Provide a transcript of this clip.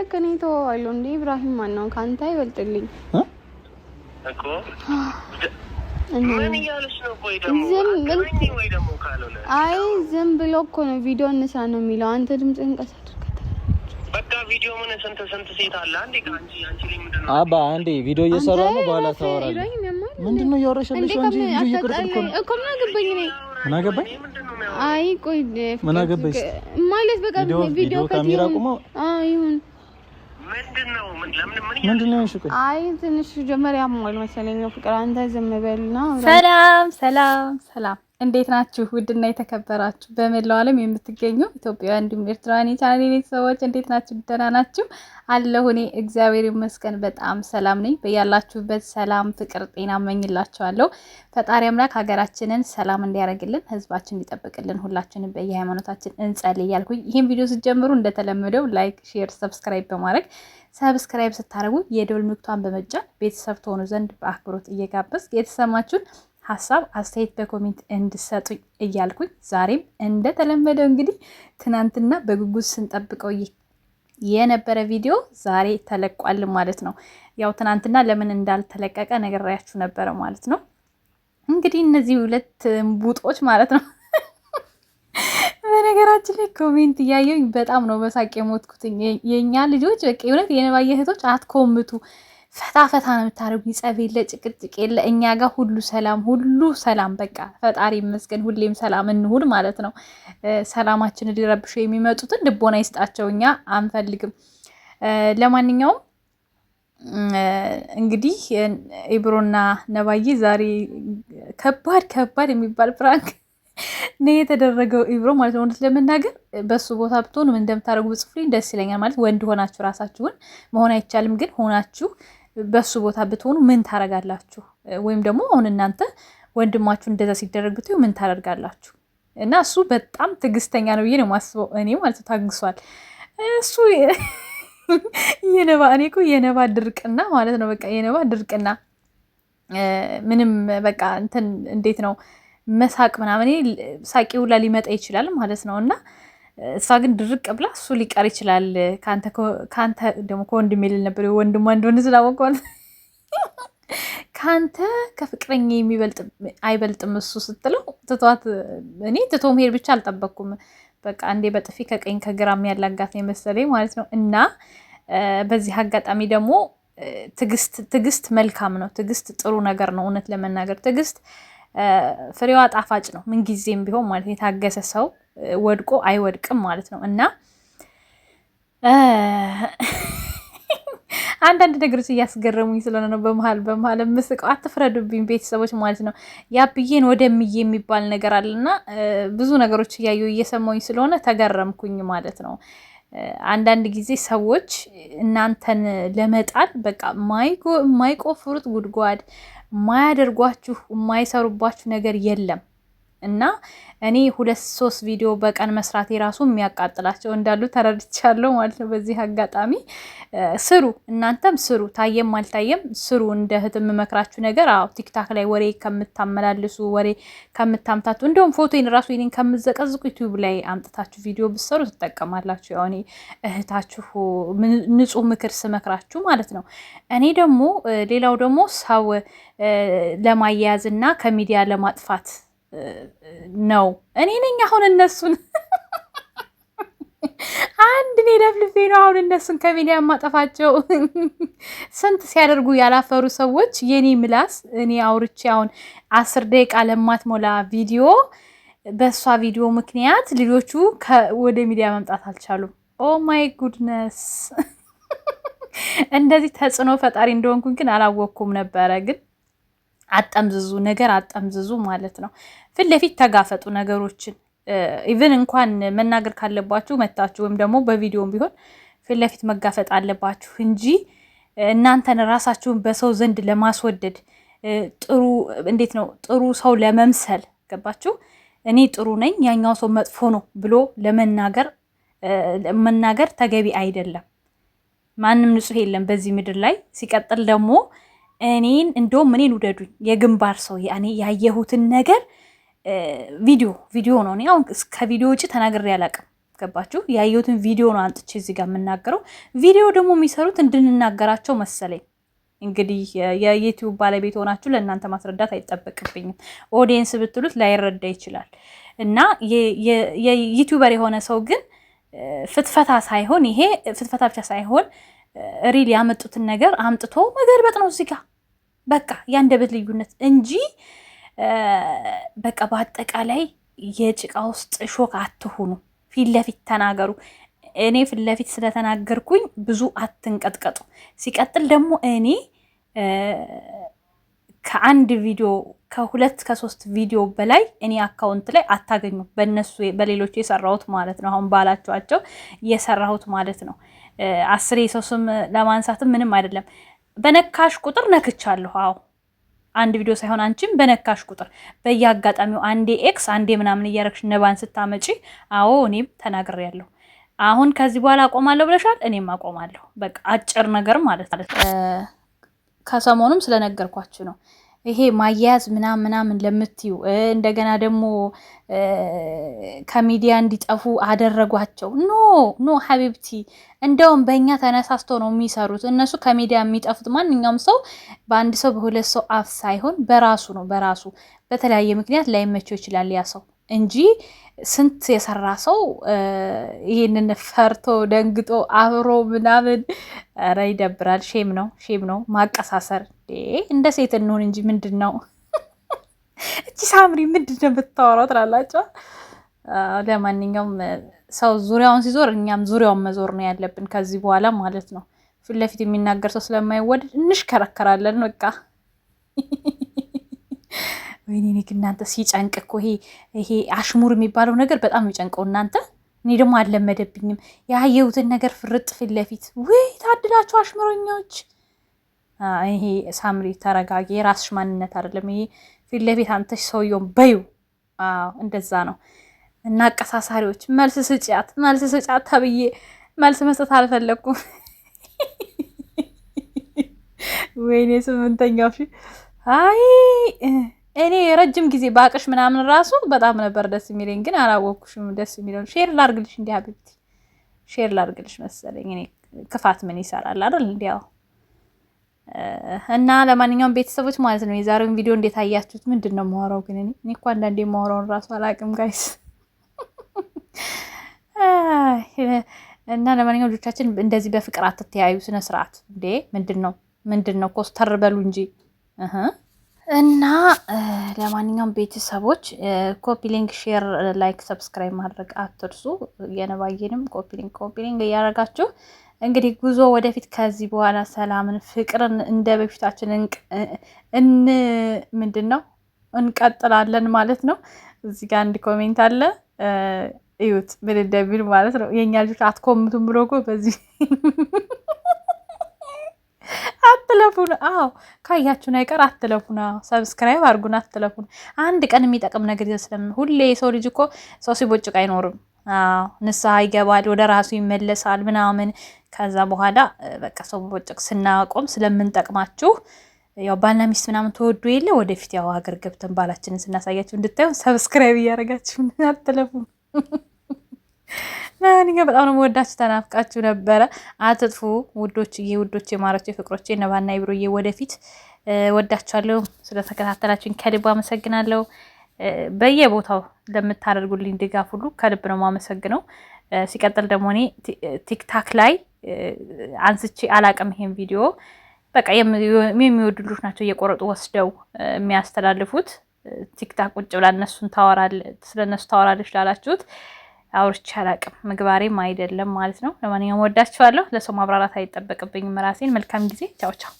ከፈለክ እኔ ተወዋለሁ። እንደ ኢብራሂም ማነው ከአንተ አይበልጥልኝ እኮ አይ ዝም ብሎ እኮ ነው ቪዲዮ እንስራ ነው የሚለው። አንተ ድምጽ ቀስ አድርገህ በቃ ቪዲዮ ምን ስንት ስንት ሴት አለ አንዴ አባ አንዴ ቪዲዮ እየሰራ ነው። በኋላ ታወራለህ። ምንድን ነው እያወራሽልሽ? እንጂ ቪዲዮ እየቀረጽኩ ነው እኮ ምን አገባኝ እኔ ምን አገባኝ። አይ ቆይ ምን አገባኝ ማለት በቃ ቪዲዮ ካሜራ ቁሞ አይ ይሁን አይ ትንሽ ጀመሪያ አሟል መሰለኝ። ፍቅር አንተ ዝም በልና ሰላም፣ ሰላም፣ ሰላም እንዴት ናችሁ? ውድና የተከበራችሁ በመላው ዓለም የምትገኙ ኢትዮጵያውያን እንዲሁም ኤርትራውያን የቻናሌ ቤተሰቦች እንዴት ናችሁ? ደህና ናችሁ? አለሁ እኔ እግዚአብሔር ይመስገን በጣም ሰላም ነኝ። በያላችሁበት ሰላም፣ ፍቅር፣ ጤና እመኝላችኋለሁ። ፈጣሪ አምላክ ሀገራችንን ሰላም እንዲያደርግልን፣ ህዝባችን እንዲጠብቅልን ሁላችንም በየሃይማኖታችን እንጸልይ እያልኩኝ ይህን ቪዲዮ ስትጀምሩ እንደተለመደው ላይክ፣ ሼር፣ ሰብስክራይብ በማድረግ ሰብስክራይብ ስታደርጉ የደወል ምልክቷን በመጫን ቤተሰብ ትሆኑ ዘንድ በአክብሮት እየጋበዝ የተሰማችሁን ሀሳብ አስተያየት በኮሜንት እንድሰጡኝ እያልኩኝ ዛሬም እንደተለመደው እንግዲህ ትናንትና በጉጉት ስንጠብቀው የነበረ ቪዲዮ ዛሬ ተለቋል ማለት ነው። ያው ትናንትና ለምን እንዳልተለቀቀ ነግሬያችሁ ነበረ ማለት ነው። እንግዲህ እነዚህ ሁለት ቡጦች ማለት ነው በነገራችን ላይ ኮሜንት እያየሁኝ በጣም ነው በሳቅ የሞትኩት። የእኛ ልጆች በቃ እውነት የነባየ እህቶች አትኮምቱ ፈታ ፈታ ነው የምታደርጉኝ። ጸብ የለ ጭቅጭቅ የለ፣ እኛ ጋር ሁሉ ሰላም፣ ሁሉ ሰላም። በቃ ፈጣሪ ይመስገን። ሁሌም ሰላም እንሁን ማለት ነው። ሰላማችን ሊረብሹ የሚመጡትን ልቦና ይስጣቸው። እኛ አንፈልግም። ለማንኛውም እንግዲህ ኢብሮና ነባዬ ዛሬ ከባድ ከባድ የሚባል ፕራንክ ነው የተደረገው። ኢብሮ ማለት ነው። እውነት ለመናገር በሱ ቦታ ብትሆኑ ምን እንደምታደርጉ ብጽፍልኝ ደስ ይለኛል። ማለት ወንድ ሆናችሁ ራሳችሁን መሆን አይቻልም፣ ግን ሆናችሁ በሱ ቦታ ብትሆኑ ምን ታረጋላችሁ? ወይም ደግሞ አሁን እናንተ ወንድማችሁ እንደዛ ሲደረግ ብትዩ ምን ታደርጋላችሁ? እና እሱ በጣም ትዕግስተኛ ነው ብዬ ነው የማስበው እኔ ማለት ታግሷል እሱ የነባ እኔ እኮ የነባ ድርቅና ማለት ነው። በቃ የነባ ድርቅና ምንም በቃ እንትን እንዴት ነው መሳቅ ምናምን ሳቂ ሁላ ሊመጣ ይችላል ማለት ነው እና እሷ ግን ድርቅ ብላ እሱ ሊቀር ይችላል ከአንተ ደግሞ ከወንድሜ ልል ነበር ወንድሟ እንደሆነ ስላወቀል ከአንተ ከፍቅረኛ የሚበልጥ አይበልጥም እሱ ስትለው ትቷት እኔ ትቶ መሄድ ብቻ አልጠበቅኩም። በቃ እንዴ በጥፊ ከቀኝ ከግራም ያላጋት ነው የመሰለኝ ማለት ነው። እና በዚህ አጋጣሚ ደግሞ ትግስት መልካም ነው። ትግስት ጥሩ ነገር ነው። እውነት ለመናገር ትግስት ፍሬዋ ጣፋጭ ነው፣ ምንጊዜም ቢሆን ማለት የታገሰ ሰው ወድቆ አይወድቅም ማለት ነው እና አንዳንድ ነገሮች እያስገረሙኝ ስለሆነ ነው በመሀል በመሀል ምስቀው። አትፍረዱብኝ ቤተሰቦች ማለት ነው። ያብዬን ወደምዬ የሚባል ነገር አለና ብዙ ነገሮች እያዩ እየሰማኝ ስለሆነ ተገረምኩኝ ማለት ነው። አንዳንድ ጊዜ ሰዎች እናንተን ለመጣል በቃ ማይቆፍሩት ጉድጓድ፣ ማያደርጓችሁ የማይሰሩባችሁ ነገር የለም። እና እኔ ሁለት ሶስት ቪዲዮ በቀን መስራት የራሱ የሚያቃጥላቸው እንዳሉ ተረድቻለሁ ማለት ነው። በዚህ አጋጣሚ ስሩ፣ እናንተም ስሩ፣ ታየም አልታየም ስሩ። እንደ እህት የምመክራችሁ ነገር አዎ፣ ቲክታክ ላይ ወሬ ከምታመላልሱ ወሬ ከምታምታቱ፣ እንዲሁም ፎቶን ራሱ ይህን ከምዘቀዝቁ ዩቲዩብ ላይ አምጥታችሁ ቪዲዮ ብሰሩ ትጠቀማላችሁ። ያው እኔ እህታችሁ ንጹህ ምክር ስመክራችሁ ማለት ነው። እኔ ደግሞ ሌላው ደግሞ ሰው ለማያያዝ እና ከሚዲያ ለማጥፋት ነው። እኔ ነኝ አሁን እነሱን አንድ እኔ ደፍልፌ ነው አሁን እነሱን ከሚዲያ ማጠፋቸው። ስንት ሲያደርጉ ያላፈሩ ሰዎች የኔ ምላስ እኔ አውርቼ አሁን አስር ደቂቃ ለማትሞላ ቪዲዮ በእሷ ቪዲዮ ምክንያት ልጆቹ ወደ ሚዲያ መምጣት አልቻሉም። ኦ ማይ ጉድነስ! እንደዚህ ተጽዕኖ ፈጣሪ እንደሆንኩኝ ግን አላወቅኩም ነበረ ግን አጠምዝዙ ነገር አጠምዝዙ ማለት ነው። ፊት ለፊት ተጋፈጡ ነገሮችን ኢቭን እንኳን መናገር ካለባችሁ መታችሁ ወይም ደግሞ በቪዲዮም ቢሆን ፊት ለፊት መጋፈጥ አለባችሁ እንጂ እናንተን ራሳችሁን በሰው ዘንድ ለማስወደድ ጥሩ እንዴት ነው ጥሩ ሰው ለመምሰል ገባችሁ? እኔ ጥሩ ነኝ ያኛው ሰው መጥፎ ነው ብሎ ለመናገር መናገር ተገቢ አይደለም። ማንም ንጹህ የለም በዚህ ምድር ላይ ሲቀጥል ደግሞ እኔን እንደውም እኔን ውደዱኝ የግንባር ሰው ያኔ ያየሁትን ነገር ቪዲዮ ቪዲዮ ነው። እኔ አሁን ከቪዲዮ ውጭ ተናግሬ አላውቅም። ገባችሁ? ያየሁትን ቪዲዮ ነው አንጥቼ እዚህ ጋር የምናገረው። ቪዲዮ ደግሞ የሚሰሩት እንድንናገራቸው መሰለኝ። እንግዲህ የዩቲዩብ ባለቤት ሆናችሁ ለእናንተ ማስረዳት አይጠበቅብኝም። ኦዲየንስ ብትሉት ላይረዳ ይችላል። እና የዩቲዩበር የሆነ ሰው ግን ፍትፈታ ሳይሆን ይሄ ፍትፈታ ብቻ ሳይሆን ሪል ያመጡትን ነገር አምጥቶ መገልበጥ ነው እዚህ ጋር በቃ የአንደበት ልዩነት እንጂ በቃ በአጠቃላይ የጭቃ ውስጥ ሾክ አትሁኑ። ፊት ለፊት ተናገሩ። እኔ ፊት ለፊት ስለተናገርኩኝ ብዙ አትንቀጥቀጡ። ሲቀጥል ደግሞ እኔ ከአንድ ቪዲዮ ከሁለት ከሶስት ቪዲዮ በላይ እኔ አካውንት ላይ አታገኙ። በነሱ በሌሎቹ የሰራሁት ማለት ነው። አሁን ባላችኋቸው የሰራሁት ማለት ነው። አስር የሰው ስም ለማንሳትም ምንም አይደለም። በነካሽ ቁጥር ነክቻለሁ። አዎ አንድ ቪዲዮ ሳይሆን አንቺም በነካሽ ቁጥር በየአጋጣሚው አንዴ ኤክስ አንዴ ምናምን እያረግሽ ነባን ስታመጪ፣ አዎ እኔም ተናግሬያለሁ። አሁን ከዚህ በኋላ አቆማለሁ ብለሻል፣ እኔም አቆማለሁ። በቃ አጭር ነገር ማለት ማለት ከሰሞኑም ስለነገርኳችሁ ነው። ይሄ ማያያዝ ምናምን ምናምን ለምትዩ እንደገና ደግሞ ከሚዲያ እንዲጠፉ አደረጓቸው። ኖ ኖ ሀቢብቲ፣ እንደውም በእኛ ተነሳስቶ ነው የሚሰሩት እነሱ። ከሚዲያ የሚጠፉት ማንኛውም ሰው በአንድ ሰው በሁለት ሰው አፍ ሳይሆን በራሱ ነው በራሱ በተለያየ ምክንያት ላይመቸው ይችላል ያ ሰው እንጂ ስንት የሰራ ሰው ይህንን ፈርቶ ደንግጦ አብሮ ምናምን፣ ኧረ ይደብራል። ሼም ነው ሼም ነው ማቀሳሰር። እንደ ሴት እንሆን እንጂ ምንድን ነው እቺ ሳምሪ ምንድን ነው የምታወራው ትላላቸው። ለማንኛውም ሰው ዙሪያውን ሲዞር እኛም ዙሪያውን መዞር ነው ያለብን ከዚህ በኋላ ማለት ነው። ፊት ለፊት የሚናገር ሰው ስለማይወደድ እንሽከረከራለን በቃ ወይኔ እኔ እናንተ ሲጨንቅ እኮ ይሄ አሽሙር የሚባለው ነገር በጣም የሚጨንቀው እናንተ። እኔ ደግሞ አልለመደብኝም ያየሁትን ነገር ፍርጥ ፊት ለፊት ውይ ታድላችሁ አሽሙረኞች። ይሄ ሳምሪ ተረጋጊ፣ የራስሽ ማንነት አይደለም ይሄ ፊት ለፊት አንተሽ ሰውየውን በዩ። እንደዛ ነው እና አቀሳሳሪዎች መልስ ስጫት መልስ ስጫት ተብዬ መልስ መስጠት አልፈለግኩም። ወይኔ ስምንተኛው ፊ አይ እኔ የረጅም ጊዜ ባቅሽ ምናምን ራሱ በጣም ነበር ደስ የሚለኝ፣ ግን አላወቅኩሽም። ደስ የሚለው ሼር ላርግልሽ፣ እንዲ ሀቢብቲ ሼር ላርግልሽ መሰለኝ። እኔ ክፋት ምን ይሰራል አይደል? እንዲያው እና ለማንኛውም ቤተሰቦች ማለት ነው የዛሬውን ቪዲዮ እንዴት አያችሁት? ምንድን ነው የማወራው? ግን እኔ እኔ እኮ አንዳንዴ የማወራውን ራሱ አላቅም ጋይስ። እና ለማንኛውም ልጆቻችን እንደዚህ በፍቅር አትተያዩ። ስነስርዓት እንዴ! ምንድን ነው ምንድን ነው? ኮስተር በሉ እንጂ እና ለማንኛውም ቤተሰቦች ኮፒ ሊንክ፣ ሼር፣ ላይክ፣ ሰብስክራይብ ማድረግ አትርሱ። የነባየንም ኮፒሊንክ ኮፒሊንክ እያደረጋችሁ እንግዲህ ጉዞ ወደፊት ከዚህ በኋላ ሰላምን፣ ፍቅርን እንደ በፊታችን እን ምንድን ነው እንቀጥላለን ማለት ነው። እዚህ ጋር አንድ ኮሜንት አለ እዩት፣ ምን እንደሚል ማለት ነው። የእኛ ልጆች አትኮምቱም ብሎ እኮ በዚህ አትለፉን። አዎ ካያችሁን አይቀር አዎ ሰብስክራይብ አድርጉን። አትለፉን። አንድ ቀን የሚጠቅም ነገር ይዘስለም። ሁሌ የሰው ልጅ እኮ ሰው ሲቦጭቅ አይኖርም። አዎ ንስሐ ይገባል፣ ወደ ራሱ ይመለሳል ምናምን። ከዛ በኋላ በቃ ሰው ቦጭቅ ስናቆም ስለምንጠቅማችሁ ያው ባልና ሚስት ምናምን ተወዱ የለ ወደፊት ያው ሀገር ገብተን ባላችንን ስናሳያችሁ እንድታዩ ሰብስክራይብ እያደረጋችሁ አትለፉም። ለማንኛውም በጣም ነው የምወዳችሁ ተናፍቃችሁ ነበረ። አትጥፉ ውዶችዬ፣ ውዶች ፍቅሮች ፍቅሮቼ፣ እነባና ይብሮዬ፣ ወደፊት ወዳችኋለሁ። ስለተከታተላችሁኝ ከልብ አመሰግናለሁ። በየቦታው ለምታደርጉልኝ ድጋፍ ሁሉ ከልብ ነው የማመሰግነው። ሲቀጥል ደግሞ እኔ ቲክታክ ላይ አንስቼ አላቅም ይሄን ቪዲዮ በቃ የሚወዱ ልጆች ናቸው እየቆረጡ ወስደው የሚያስተላልፉት። ቲክታክ ቁጭ ብላ እነሱን ታወራለች፣ ስለ እነሱ ታወራለች ላላችሁት አውርቼ አላቅም፣ ምግባሬም አይደለም ማለት ነው። ለማንኛውም ወዳችኋለሁ። ለሰው ማብራራት አይጠበቅብኝም። ራሴን መልካም ጊዜ። ቻው ቻው።